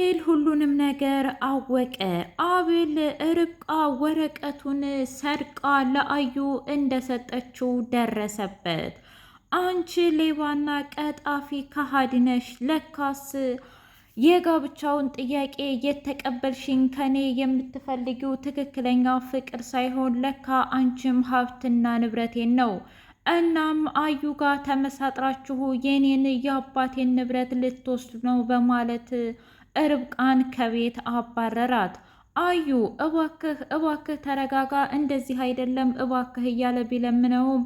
አቤል ሁሉንም ነገር አወቀ። አቤል ርብቃ ወረቀቱን ሰርቃ ለአዩ እንደሰጠችው ደረሰበት። አንቺ ሌባና ቀጣፊ ከሃዲነሽ ለካስ የጋብቻውን ጥያቄ የተቀበልሽኝ ከኔ የምትፈልጊው ትክክለኛ ፍቅር ሳይሆን ለካ አንቺም ሀብትና ንብረቴን ነው። እናም አዩ ጋር ተመሳጥራችሁ የኔን የአባቴን ንብረት ልትወስዱ ነው በማለት ርብቃን ከቤት አባረራት። አዩ እባክህ እባክህ ተረጋጋ፣ እንደዚህ አይደለም እባክህ እያለ ቢለምነውም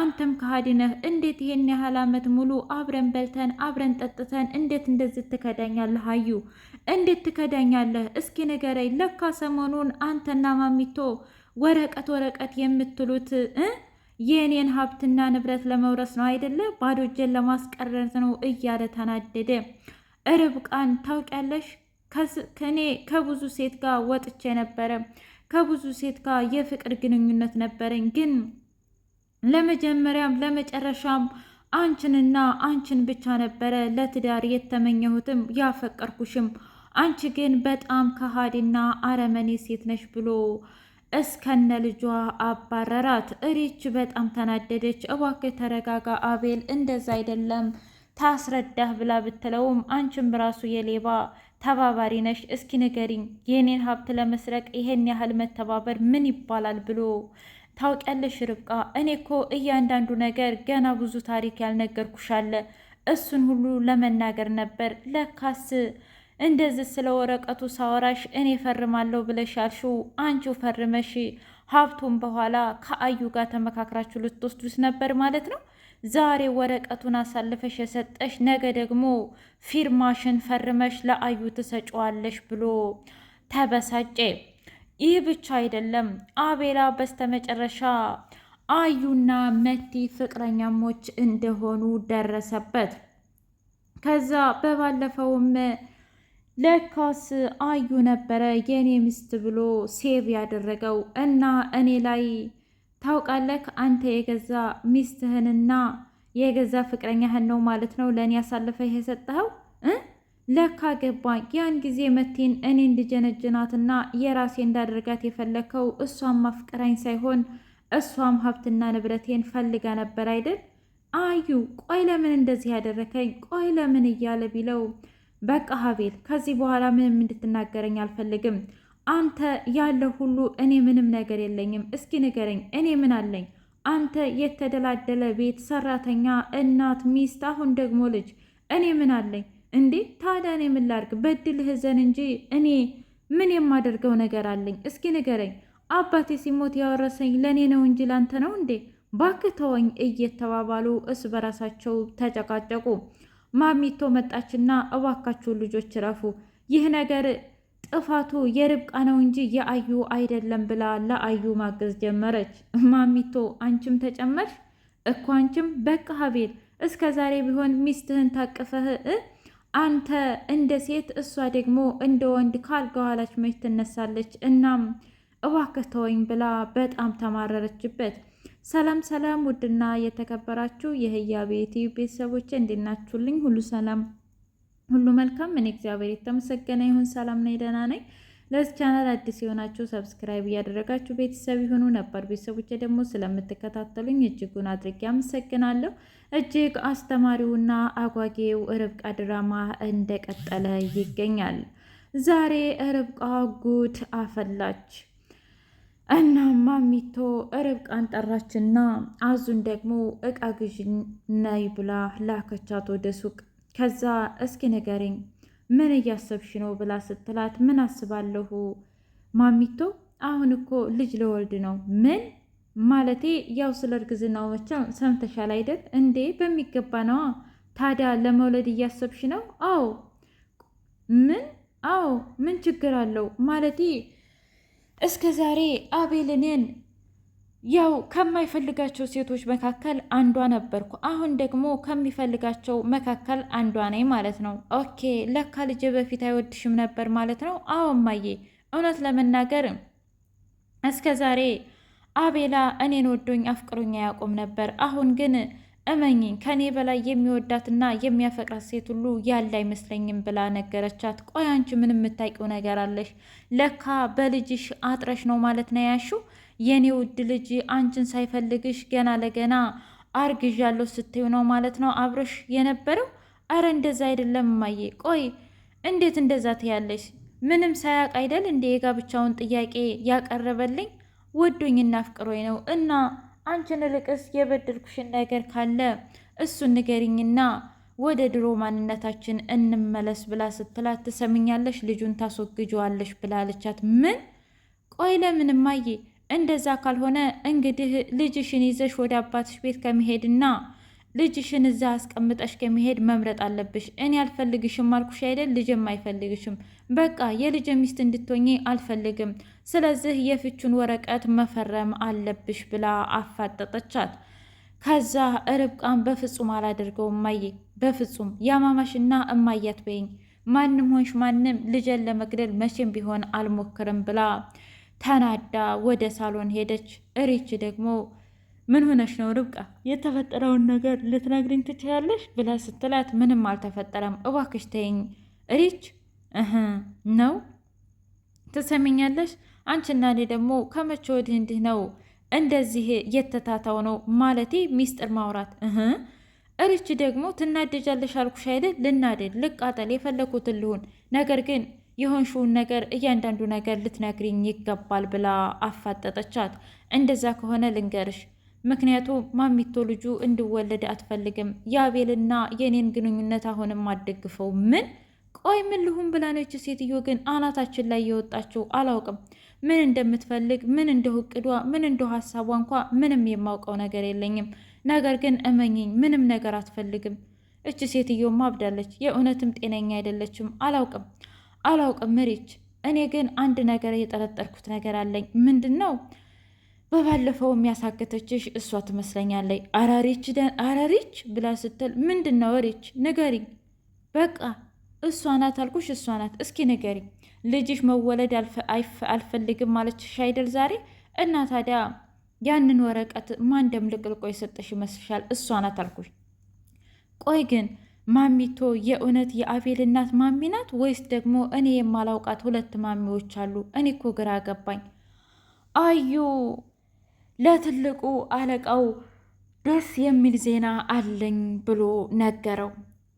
አንተም ከሃዲ ነህ፣ እንዴት ይሄን ያህል ዓመት ሙሉ አብረን በልተን አብረን ጠጥተን እንዴት እንደዚህ ትከዳኛለህ? አዩ እንዴት ትከዳኛለህ? እስኪ ንገረኝ። ለካ ሰሞኑን አንተና ማሚቶ ወረቀት ወረቀት የምትሉት የእኔን ሀብትና ንብረት ለመውረስ ነው አይደለ? ባዶ እጄን ለማስቀረት ነው እያለ ተናደደ። ርብቃን ታውቂያለሽ? ከኔ ከብዙ ሴት ጋር ወጥቼ ነበረ። ከብዙ ሴት ጋር የፍቅር ግንኙነት ነበረኝ፣ ግን ለመጀመሪያም ለመጨረሻም አንቺንና አንቺን ብቻ ነበረ ለትዳር የተመኘሁትም ያፈቀርኩሽም። አንቺ ግን በጣም ከሃዲና አረመኔ ሴት ነሽ ብሎ እስከነ ልጇ አባረራት። እሪች በጣም ተናደደች። እባክህ ተረጋጋ አቤል፣ እንደዛ አይደለም ታስረዳህ ብላ ብትለውም አንቺም ራሱ የሌባ ተባባሪ ነሽ፣ እስኪ ንገሪኝ የኔን ሀብት ለመስረቅ ይሄን ያህል መተባበር ምን ይባላል ብሎ ታውቂያለሽ ርብቃ፣ እኔ እኮ እያንዳንዱ ነገር ገና ብዙ ታሪክ ያልነገርኩሽ አለ። እሱን ሁሉ ለመናገር ነበር። ለካስ እንደዚህ ስለ ወረቀቱ ሳወራሽ እኔ ፈርማለሁ ብለሽ ያልሽው አንቺው ፈርመሽ ሀብቱን በኋላ ከአዩ ጋር ተመካክራችሁ ልትወስዱት ነበር ማለት ነው። ዛሬ ወረቀቱን አሳልፈሽ የሰጠሽ ነገ ደግሞ ፊርማሽን ፈርመሽ ለአዩ ትሰጪዋለሽ ብሎ ተበሳጨ። ይህ ብቻ አይደለም። አቤላ በስተመጨረሻ አዩና መቲ ፍቅረኛሞች እንደሆኑ ደረሰበት። ከዛ በባለፈውም ለካስ አዩ ነበረ የኔ ሚስት ብሎ ሴቭ ያደረገው እና እኔ ላይ ታውቃለህ አንተ የገዛ ሚስትህንና የገዛ ፍቅረኛህን ነው ማለት ነው ለእኔ አሳልፈህ የሰጠኸው ለካ ገባኝ። ያን ጊዜ መቴን እኔ እንድጀነጅናትና የራሴ እንዳደርጋት የፈለከው እሷም ማፍቀራኝ ሳይሆን እሷም ሀብትና ንብረቴን ፈልጋ ነበር አይደል? አዩ ቆይ ለምን እንደዚህ ያደረከኝ? ቆይ ለምን እያለ ቢለው በቃ ሀቤል ከዚህ በኋላ ምንም እንድትናገረኝ አልፈልግም አንተ ያለ ሁሉ እኔ ምንም ነገር የለኝም። እስኪ ንገረኝ፣ እኔ ምን አለኝ? አንተ የተደላደለ ቤት ሰራተኛ፣ እናት፣ ሚስት፣ አሁን ደግሞ ልጅ፣ እኔ ምን አለኝ እንዴ? ታዲያ እኔ ምን ላድርግ? በድልህ ዘን እንጂ እኔ ምን የማደርገው ነገር አለኝ? እስኪ ንገረኝ። አባቴ ሲሞት ያወረሰኝ ለእኔ ነው እንጂ ላንተ ነው እንዴ? እባክህ ተወኝ እየተባባሉ እስ በራሳቸው ተጨቃጨቁ። ማሚቶ መጣችና እባካችሁን ልጆች ረፉ፣ ይህ ነገር ጥፋቱ የርብቃ ነው እንጂ የአዩ አይደለም ብላ ለአዩ ማገዝ ጀመረች። ማሚቶ አንቺም ተጨመርሽ እኮ አንቺም በቃ ሀቤል እስከ ዛሬ ቢሆን ሚስትህን ታቅፈህ አንተ እንደ ሴት እሷ ደግሞ እንደ ወንድ ካልገዋላች መች ትነሳለች። እናም እባክህ ተወኝ ብላ በጣም ተማረረችበት። ሰላም ሰላም! ውድና የተከበራችሁ የህያ ቤት ቤተሰቦች እንዴት ናችሁልኝ? ሁሉ ሰላም ሁሉ መልካም። እኔ እግዚአብሔር የተመሰገነ ይሁን። ሰላም ነኝ፣ ደህና ነኝ። ለዚህ ቻናል አዲስ የሆናችሁ ሰብስክራይብ እያደረጋችሁ ቤተሰብ የሆኑ ነባር ቤተሰቦች ደግሞ ስለምትከታተሉኝ እጅጉን አድርጌ አመሰግናለሁ። እጅግ አስተማሪውና አጓጌው ርብቃ ድራማ እንደቀጠለ ይገኛል። ዛሬ ርብቃ ጉድ አፈላች እና ማሚቶ ርብቃን ጠራችና አዙን ደግሞ እቃ ግዥ ነይ ብላ ላከቻት ወደ ሱቅ ከዛ እስኪ ንገሪኝ ምን እያሰብሽ ነው ብላ ስትላት ምን አስባለሁ ማሚቶ አሁን እኮ ልጅ ለወልድ ነው ምን ማለቴ ያው ስለ እርግዝናው መቼም ሰምተሻል አይደል እንዴ በሚገባ ነዋ ታዲያ ለመውለድ እያሰብሽ ነው አዎ ምን አዎ ምን ችግር አለው ማለቴ እስከ ዛሬ አቤልንን ያው ከማይፈልጋቸው ሴቶች መካከል አንዷ ነበርኩ። አሁን ደግሞ ከሚፈልጋቸው መካከል አንዷ ነኝ ማለት ነው። ኦኬ ለካ ልጄ በፊት አይወድሽም ነበር ማለት ነው። አዎ እማዬ፣ እውነት ለመናገር እስከ ዛሬ አቤላ እኔን ወዶኝ አፍቅሮኝ አያውቁም ነበር። አሁን ግን እመኝኝ ከኔ በላይ የሚወዳትና የሚያፈቅራት ሴት ሁሉ ያለ አይመስለኝም ብላ ነገረቻት። ቆይ አንቺ ምን የምታውቂው ነገር አለሽ? ለካ በልጅሽ አጥረሽ ነው ማለት ነው ያሹ የኔ ውድ ልጅ አንቺን ሳይፈልግሽ ገና ለገና አርግዣለሁ ስትዩ ነው ማለት ነው አብረሽ የነበረው? አረ እንደዛ አይደለም እማዬ። ቆይ እንዴት እንደዛ ትያለሽ? ምንም ሳያቅ አይደል እንደ የጋብቻውን ጥያቄ ያቀረበልኝ ወዶኝና አፍቅሮኝ ነው። እና አንቺን ልቅስ የበደልኩሽን ነገር ካለ እሱን ንገሪኝና ወደ ድሮ ማንነታችን እንመለስ ብላ ስትላት፣ ትሰምኛለሽ ልጁን ታስወግጀዋለሽ ብላለቻት። ምን? ቆይ ለምን እማዬ እንደዛ ካልሆነ እንግዲህ ልጅሽን ይዘሽ ወደ አባትሽ ቤት ከመሄድና ልጅሽን እዛ አስቀምጠሽ ከመሄድ መምረጥ አለብሽ። እኔ አልፈልግሽም አልኩሽ አይደል? ልጅም አይፈልግሽም። በቃ የልጅ ሚስት እንድትሆኚ አልፈልግም። ስለዚህ የፍቹን ወረቀት መፈረም አለብሽ ብላ አፋጠጠቻት። ከዛ ርብቃን በፍጹም አላደርገው እማዬ፣ በፍጹም ያማማሽና እማያት በይኝ። ማንም ሆንሽ ማንም ልጅን ለመግደል መቼም ቢሆን አልሞክርም ብላ ተናዳ ወደ ሳሎን ሄደች። እሪች ደግሞ ምን ሆነሽ ነው ርብቃ? የተፈጠረውን ነገር ልትነግርኝ ትችያለሽ ብላ ስትላት ምንም አልተፈጠረም እባክሽ ተይኝ። እሪች እህ ነው ትሰሚኛለሽ? አንቺና እኔ ደግሞ ከመቼ ወዲህ እንዲህ ነው እንደዚህ የተታታው ነው ማለቴ ሚስጥር ማውራት እህ እሪች ደግሞ ትናደጃለሽ አልኩሽ አይደል? ልናደድ ልቃጠል የፈለኩትን ልሁን ነገር ግን የሆንሽውን ነገር እያንዳንዱ ነገር ልትነግሪኝ ይገባል ብላ አፋጠጠቻት። እንደዛ ከሆነ ልንገርሽ፣ ምክንያቱ ማሚቶ ልጁ እንዲወለድ አትፈልግም። የአቤልና የእኔን ግንኙነት አሁንም አደግፈው። ምን ቆይ ምን ልሁን ብላ ነች ሴትዮ ግን አናታችን ላይ የወጣችው። አላውቅም ምን እንደምትፈልግ ምን እንደሁ እቅዷ ምን እንደ ሀሳቧ እንኳ ምንም የማውቀው ነገር የለኝም። ነገር ግን እመኝኝ ምንም ነገር አትፈልግም። እች ሴትዮ ማብዳለች። የእውነትም ጤነኛ አይደለችም። አላውቅም አላውቅም ምሪች። እኔ ግን አንድ ነገር የጠረጠርኩት ነገር አለኝ። ምንድን ነው? በባለፈው የሚያሳገተችሽ እሷ ትመስለኛለች። አራሪች አራሪች ብላ ስትል ምንድን ነው ሪች? ንገሪኝ። በቃ እሷ ናት አልኩሽ፣ እሷ ናት። እስኪ ንገሪኝ። ልጅሽ መወለድ አልፈልግም ማለችሽ አይደል ዛሬ? እና ታዲያ ያንን ወረቀት ማን ደምልቅልቆ የሰጠሽ ይመስልሻል? እሷ ናት አልኩሽ። ቆይ ግን ማሚቶ የእውነት የአቤል እናት ማሚ ናት ወይስ ደግሞ እኔ የማላውቃት ሁለት ማሚዎች አሉ? እኔ እኮ ግራ ገባኝ። አዩ ለትልቁ አለቃው ደስ የሚል ዜና አለኝ ብሎ ነገረው።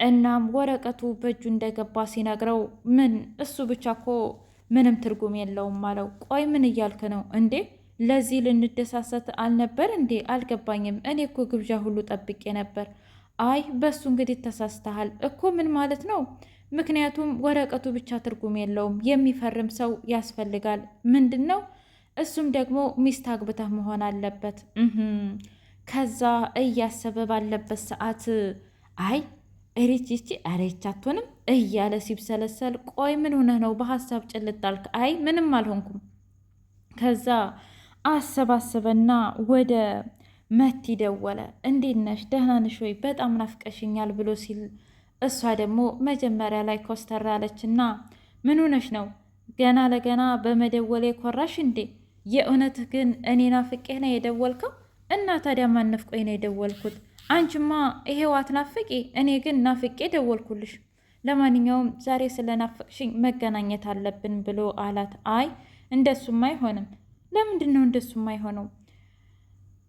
እናም ወረቀቱ በእጁ እንደገባ ሲነግረው ምን እሱ ብቻ እኮ ምንም ትርጉም የለውም አለው። ቆይ ምን እያልክ ነው እንዴ? ለዚህ ልንደሳሰት አልነበር እንዴ? አልገባኝም። እኔ እኮ ግብዣ ሁሉ ጠብቄ ነበር። አይ በሱ እንግዲህ ተሳስተሃል እኮ ምን ማለት ነው? ምክንያቱም ወረቀቱ ብቻ ትርጉም የለውም፣ የሚፈርም ሰው ያስፈልጋል። ምንድን ነው እሱም ደግሞ ሚስት አግብተህ መሆን አለበት። ከዛ እያሰበ ባለበት ሰዓት አይ እሪች ይቺ አሬች አትሆንም እያለ ሲብሰለሰል፣ ቆይ ምን ሆነህ ነው በሀሳብ ጭልጣልክ? አይ ምንም አልሆንኩም። ከዛ አሰባሰበና ወደ መቲ ደወለ። እንዴት ነሽ? ደህና ነሽ ወይ? በጣም ናፍቀሽኛል ብሎ ሲል እሷ ደግሞ መጀመሪያ ላይ ኮስተር አለች እና ምን ሆነሽ ነው ገና ለገና በመደወል የኮራሽ እንዴ? የእውነት ግን እኔ ናፍቄ ነው የደወልከው? እና ታዲያ ማን ናፍቆኝ ነው የደወልኩት? አንቺማ ይሄው አትናፍቂ፣ እኔ ግን ናፍቄ ደወልኩልሽ። ለማንኛውም ዛሬ ስለናፈቅሽኝ መገናኘት አለብን ብሎ አላት። አይ እንደሱም አይሆንም። ለምንድን ነው እንደሱም አይሆነው?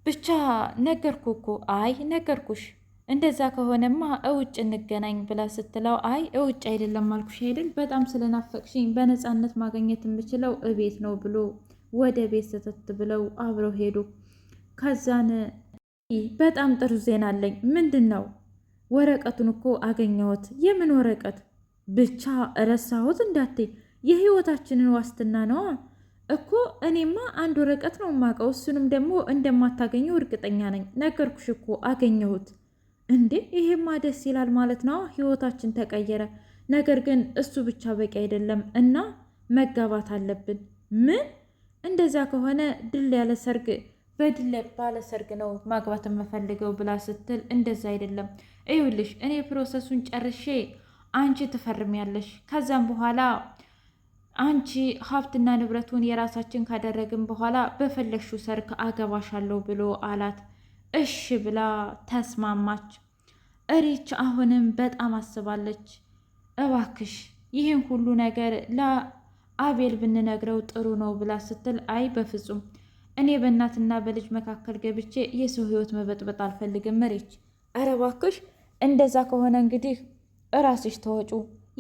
ብቻ ነገርኩ እኮ አይ ነገርኩሽ፣ እንደዛ ከሆነማ እውጭ እንገናኝ ብላ ስትለው አይ እውጭ አይደለም አልኩሽ አይደል፣ በጣም ስለናፈቅሽኝ በነፃነት ማግኘት የምችለው እቤት ነው ብሎ ወደ ቤት ሰተት ብለው አብረው ሄዱ። ከዛን በጣም ጥሩ ዜና አለኝ። ምንድን ነው? ወረቀቱን እኮ አገኘሁት። የምን ወረቀት? ብቻ ረሳሁት እንዳቴ የህይወታችንን ዋስትና ነዋ እኮ እኔማ አንድ ወረቀት ነው የማውቀው። እሱንም ደግሞ እንደማታገኘው እርግጠኛ ነኝ። ነገርኩሽ እኮ አገኘሁት። እንዴ ይሄማ ደስ ይላል ማለት ነው። ህይወታችን ተቀየረ። ነገር ግን እሱ ብቻ በቂ አይደለም እና መጋባት አለብን። ምን? እንደዛ ከሆነ ድል ያለ ሰርግ በድል ባለ ሰርግ ነው ማግባት የምፈልገው ብላ ስትል፣ እንደዛ አይደለም ይኸውልሽ፣ እኔ ፕሮሰሱን ጨርሼ አንቺ ትፈርሚያለሽ ከዛም በኋላ አንቺ ሀብትና ንብረቱን የራሳችን ካደረግን በኋላ በፈለሹ ሰርግ አገባሻለሁ ብሎ አላት። እሺ ብላ ተስማማች። እሪች አሁንም በጣም አስባለች። እባክሽ ይህን ሁሉ ነገር ለአቤል ብንነግረው ጥሩ ነው ብላ ስትል፣ አይ በፍጹም እኔ በእናትና በልጅ መካከል ገብቼ የሰው ሕይወት መበጥበጥ አልፈልግም። እሬች ኧረ እባክሽ እንደዛ ከሆነ እንግዲህ እራስሽ ተወጩ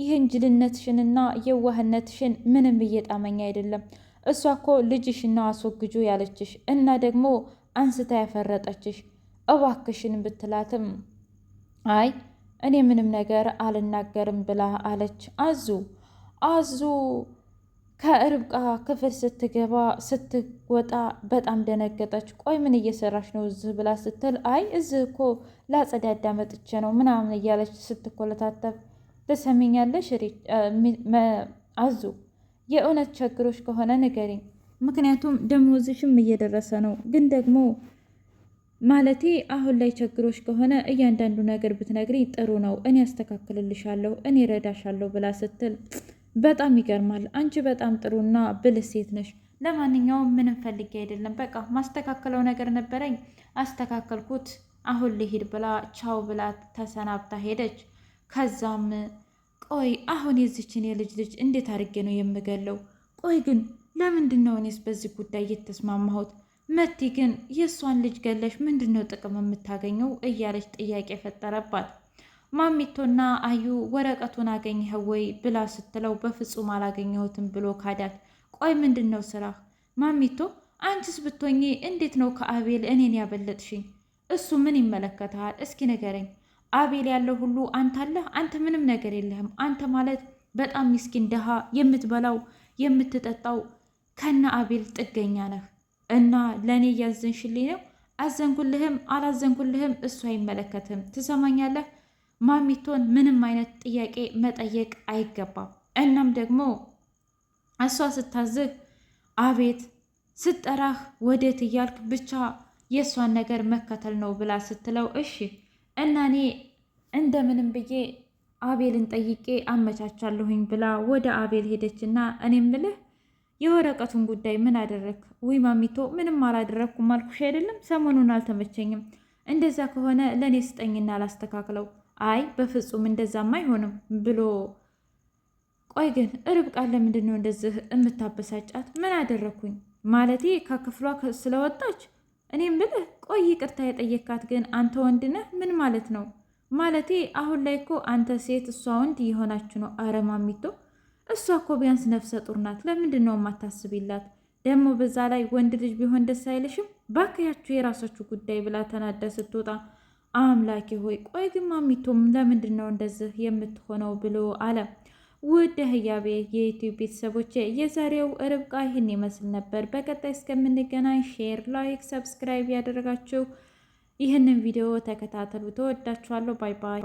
ይህን ጅልነትሽንና የዋህነትሽን ምንም እየጣመኝ አይደለም። እሷ እኮ ልጅሽና አስወግጁ ያለችሽ እና ደግሞ አንስታ ያፈረጠችሽ እባክሽን ብትላትም አይ እኔ ምንም ነገር አልናገርም ብላ አለች። አዙ አዙ ከእርብቃ ክፍል ስትገባ ስትወጣ በጣም ደነገጠች። ቆይ ምን እየሰራሽ ነው እዚህ ብላ ስትል አይ እዚህ እኮ ላጸዳዳ መጥቼ ነው ምናምን እያለች ስትኮለታተፍ ትሰሚኛለሽ? አዙ የእውነት ችግሮች ከሆነ ንገሪኝ። ምክንያቱም ደሞዝሽም እየደረሰ ነው። ግን ደግሞ ማለቴ አሁን ላይ ችግሮች ከሆነ እያንዳንዱ ነገር ብትነግሪኝ ጥሩ ነው። እኔ ያስተካክልልሻለሁ፣ እኔ ረዳሻለሁ ብላ ስትል በጣም ይገርማል። አንቺ በጣም ጥሩና ብልህ ሴት ነሽ። ለማንኛውም ምንም ፈልጌ አይደለም፣ በቃ ማስተካከለው ነገር ነበረኝ አስተካከልኩት፣ አሁን ልሂድ ብላ ቻው ብላ ተሰናብታ ሄደች። ከዛም ቆይ አሁን የዚችን የልጅ ልጅ እንዴት አድርጌ ነው የምገለው? ቆይ ግን ለምንድን ነው እኔስ በዚህ ጉዳይ እየተስማማሁት? መቲ ግን የእሷን ልጅ ገለሽ ምንድን ነው ጥቅም የምታገኘው? እያለች ጥያቄ ፈጠረባት። ማሚቶና አዩ ወረቀቱን አገኘህ ወይ ብላ ስትለው በፍጹም አላገኘሁትም ብሎ ካዳት። ቆይ ምንድን ነው ስራ? ማሚቶ አንቺስ ብትሆኚ እንዴት ነው ከአቤል እኔን ያበለጥሽኝ? እሱ ምን ይመለከተሃል? እስኪ ንገረኝ አቤል ያለው ሁሉ አንተ አለህ፣ አንተ ምንም ነገር የለህም። አንተ ማለት በጣም ሚስኪን ድሃ፣ የምትበላው የምትጠጣው ከነ አቤል ጥገኛ ነህ እና ለእኔ እያዘንሽልኝ ነው። አዘንኩልህም አላዘንኩልህም እሱ አይመለከትም። ትሰማኛለህ? ማሚቶን ምንም አይነት ጥያቄ መጠየቅ አይገባም። እናም ደግሞ እሷ ስታዝህ አቤት ስጠራህ ወዴት እያልክ ብቻ የእሷን ነገር መከተል ነው ብላ ስትለው እሺ እና እኔ እንደምንም ብዬ አቤልን ጠይቄ አመቻቻለሁኝ ብላ ወደ አቤል ሄደች እና እኔ ምልህ የወረቀቱን ጉዳይ ምን አደረግ? ውይ ማሚቶ ምንም አላደረግኩም አልኩሽ አይደለም። ሰሞኑን አልተመቸኝም። እንደዛ ከሆነ ለእኔ ስጠኝና አላስተካክለው። አይ በፍጹም እንደዛም አይሆንም ብሎ ቆይ ግን ርብቃ ለምንድን ነው እንደዚህ የምታበሳጫት? ምን አደረግኩኝ? ማለቴ ከክፍሏ ስለወጣች እኔም ብልህ ቆይ ይቅርታ የጠየካት ግን አንተ ወንድ ነህ ምን ማለት ነው? ማለቴ አሁን ላይ እኮ አንተ ሴት እሷ ወንድ እየሆናችሁ ነው። አረ ማሚቶ እሷ እኮ ቢያንስ ነፍሰ ጡር ናት። ለምንድን ነው የማታስቢላት? ደግሞ በዛ ላይ ወንድ ልጅ ቢሆን ደስ አይልሽም? ባካያችሁ የራሳችሁ ጉዳይ ብላ ተናዳ ስትወጣ አምላኬ ሆይ ቆይ ግን ማሚቶም ለምንድን ነው እንደዚህ የምትሆነው ብሎ አለ ውድ ህያቤ የዩቲዩብ ቤተሰቦች የዛሬው ርብቃ ይህን ይመስል ነበር። በቀጣይ እስከምንገናኝ ሼር፣ ላይክ፣ ሰብስክራይብ ያደረጋችሁ ይህንን ቪዲዮ ተከታተሉ። ተወዳችኋለሁ። ባይ ባይ።